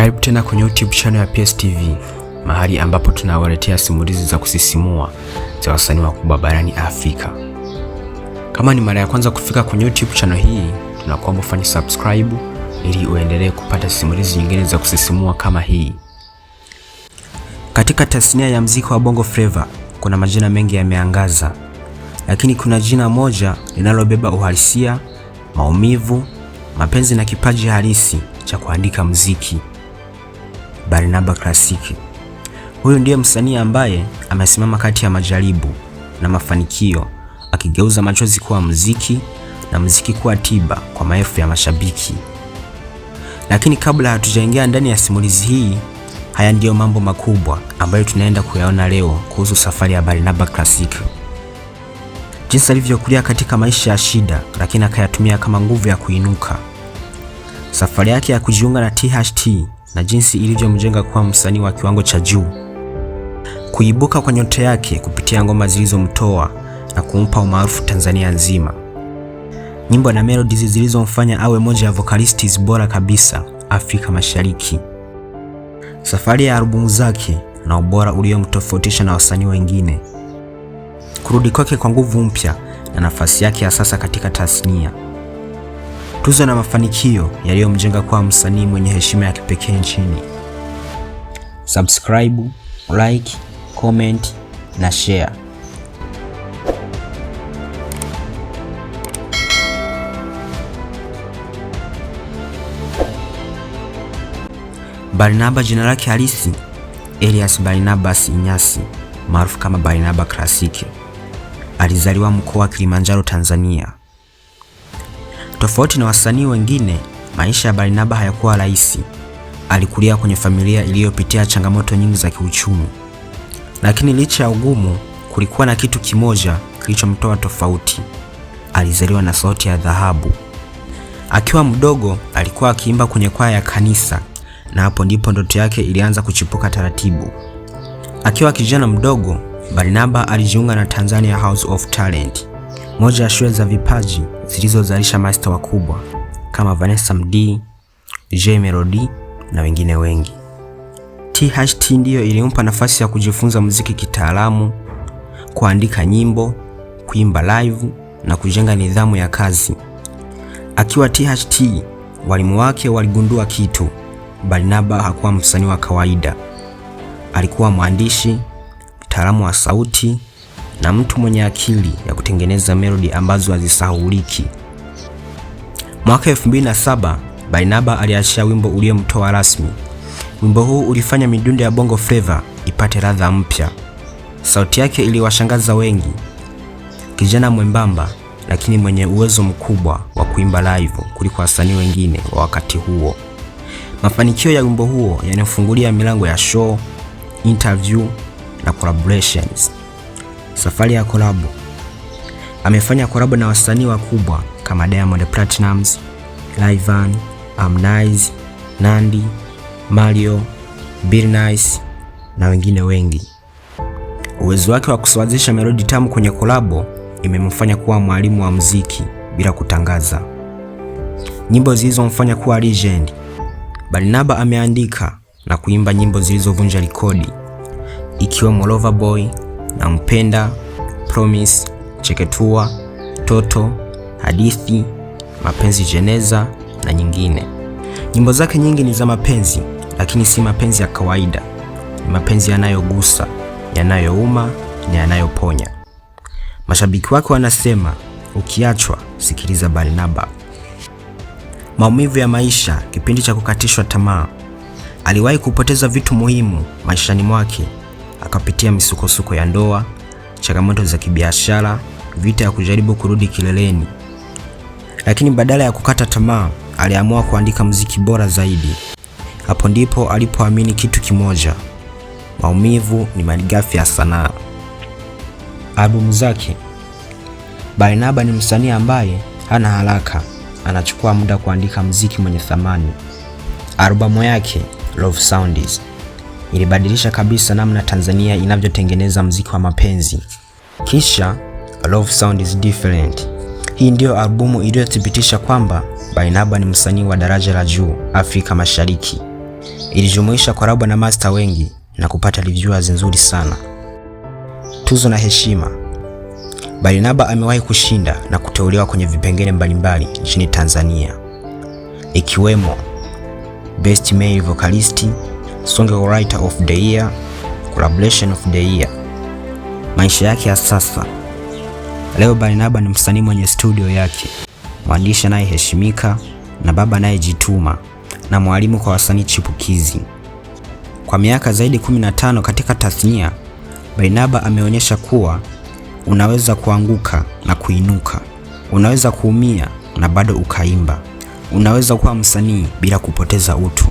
Karibu tena kwenye YouTube channel ya PS TV, mahali ambapo tunawaletea simulizi za kusisimua za wasanii wakubwa barani Afrika. Kama ni mara ya kwanza kufika kwenye YouTube channel hii, tunakuomba ufanye subscribe ili uendelee kupata simulizi nyingine za kusisimua kama hii. Katika tasnia ya mziki wa Bongo Flava kuna majina mengi yameangaza, lakini kuna jina moja linalobeba uhalisia, maumivu, mapenzi na kipaji halisi cha kuandika mziki. Barnaba Classic. Huyu ndiye msanii ambaye amesimama kati ya majaribu na mafanikio, akigeuza machozi kuwa muziki na muziki kuwa tiba kwa maelfu ya mashabiki. Lakini kabla hatujaingia ndani ya simulizi hii, haya ndiyo mambo makubwa ambayo tunaenda kuyaona leo kuhusu safari ya Barnaba Classic. jinsi alivyokulia katika maisha ya shida, lakini akayatumia kama nguvu ya kuinuka. Safari yake ya kujiunga na THT na jinsi ilivyomjenga kuwa msanii wa kiwango cha juu. Kuibuka kwa nyota yake kupitia ngoma zilizomtoa na kumpa umaarufu Tanzania nzima. Nyimbo na melodies zilizomfanya awe moja ya vocalists bora kabisa Afrika Mashariki. Safari ya albumu zake na ubora uliomtofautisha na wasanii wengine. Kurudi kwake kwa nguvu mpya na nafasi yake ya sasa katika tasnia tuzo na mafanikio yaliyomjenga kuwa msanii mwenye heshima ya kipekee nchini. Subscribe, like, comment na share. Barnaba jina lake halisi Elias Barnabas Inyasi maarufu kama Barnaba Klasiki alizaliwa mkoa wa Kilimanjaro, Tanzania. Tofauti na wasanii wengine, maisha ya Barnaba hayakuwa rahisi. Alikulia kwenye familia iliyopitia changamoto nyingi za kiuchumi, lakini licha ya ugumu, kulikuwa na kitu kimoja kilichomtoa tofauti. Alizaliwa na sauti ya dhahabu. Akiwa mdogo, alikuwa akiimba kwenye kwaya ya kanisa, na hapo ndipo ndoto yake ilianza kuchipuka taratibu. Akiwa kijana mdogo, Barnaba alijiunga na Tanzania House of Talent, moja ya shule za vipaji zilizozalisha master wakubwa kama Vanessa md j Melody na wengine wengi. THT ndiyo ilimpa nafasi ya kujifunza muziki kitaalamu, kuandika nyimbo, kuimba live na kujenga nidhamu ya kazi. Akiwa THT, walimu wake waligundua kitu. Barnaba hakuwa msanii wa kawaida. Alikuwa mwandishi, mtaalamu wa sauti na mtu mwenye akili ya kutengeneza melodi ambazo hazisahauliki. Mwaka 2007 Barnaba aliachia wimbo uliomtoa rasmi. Wimbo huu ulifanya midundo ya Bongo Flava ipate ladha mpya. Sauti yake iliwashangaza wengi, kijana mwembamba lakini mwenye uwezo mkubwa wa kuimba live kuliko wasanii wengine wa wakati huo. Mafanikio ya wimbo huo yanafungulia milango ya show, interview na collaborations safari ya kolabo. Amefanya kolabo na wasanii wakubwa kama Diamond Platnumz, Rayvanny, Harmonize, Nandy, Mario, Bill Nice na wengine wengi. Uwezo wake wa kusawazisha melodi tamu kwenye kolabo imemfanya kuwa mwalimu wa muziki bila kutangaza. Nyimbo zilizomfanya kuwa legend. Barnaba ameandika na kuimba nyimbo zilizovunja rekodi ikiwemo Boy, nampenda, Promise, Cheketua, Toto, Hadithi, Mapenzi Jeneza na nyingine. Nyimbo zake nyingi ni za mapenzi, lakini si mapenzi ya kawaida. Ni mapenzi yanayogusa, yanayouma na yanayoponya. Mashabiki wake wanasema ukiachwa sikiliza Barnaba. Maumivu ya maisha, kipindi cha kukatishwa tamaa. Aliwahi kupoteza vitu muhimu maishani mwake akapitia misukosuko ya ndoa, changamoto za kibiashara, vita ya kujaribu kurudi kileleni. Lakini badala ya kukata tamaa, aliamua kuandika mziki bora zaidi. Hapo ndipo alipoamini kitu kimoja: maumivu ni malighafi ya sanaa. Albumu zake. Barnaba ni msanii ambaye hana haraka, anachukua muda kuandika mziki mwenye thamani. Albamu yake Love Sounds ilibadilisha kabisa namna Tanzania inavyotengeneza mziki wa mapenzi. Kisha Love Sound is Different. Hii ndiyo albumu iliyothibitisha kwamba Bainaba ni msanii wa daraja la juu Afrika Mashariki. Ilijumuisha korabo na masta wengi na kupata reviewers nzuri sana. Tuzo na heshima. Bainaba amewahi kushinda na kuteuliwa kwenye vipengele mbalimbali nchini Tanzania ikiwemo Best Male Vocalist Song Writer of the Year, Collaboration of the Year. Maisha yake ya sasa. Leo Barnaba ni msanii mwenye studio yake, mwandishi anayeheshimika na baba anayejituma na mwalimu kwa wasanii chipukizi. Kwa miaka zaidi 15 katika tasnia, Barnaba ameonyesha kuwa unaweza kuanguka na kuinuka, unaweza kuumia na bado ukaimba, unaweza kuwa msanii bila kupoteza utu.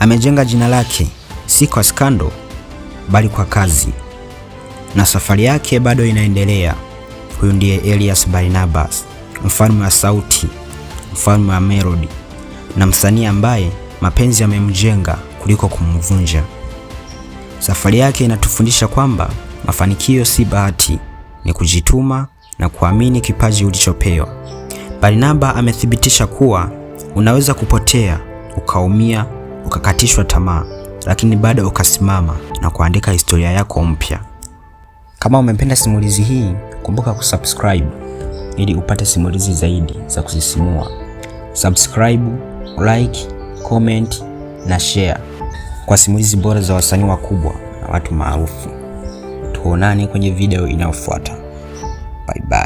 Amejenga jina lake si kwa skando, bali kwa kazi, na safari yake bado inaendelea. Huyu ndiye Elias Barnabas, mfalme wa sauti, mfalme wa melodi na msanii ambaye mapenzi yamemjenga kuliko kumvunja. Safari yake inatufundisha kwamba mafanikio si bahati, ni kujituma na kuamini kipaji ulichopewa. Barnaba amethibitisha kuwa unaweza kupotea, ukaumia ukakatishwa tamaa, lakini bado ukasimama na kuandika historia yako mpya. Kama umependa simulizi hii, kumbuka kusubscribe ili upate simulizi zaidi za kusisimua. Subscribe, like, comment na share kwa simulizi bora za wasanii wakubwa na watu maarufu. Tuonane kwenye video inayofuata. Bye bye.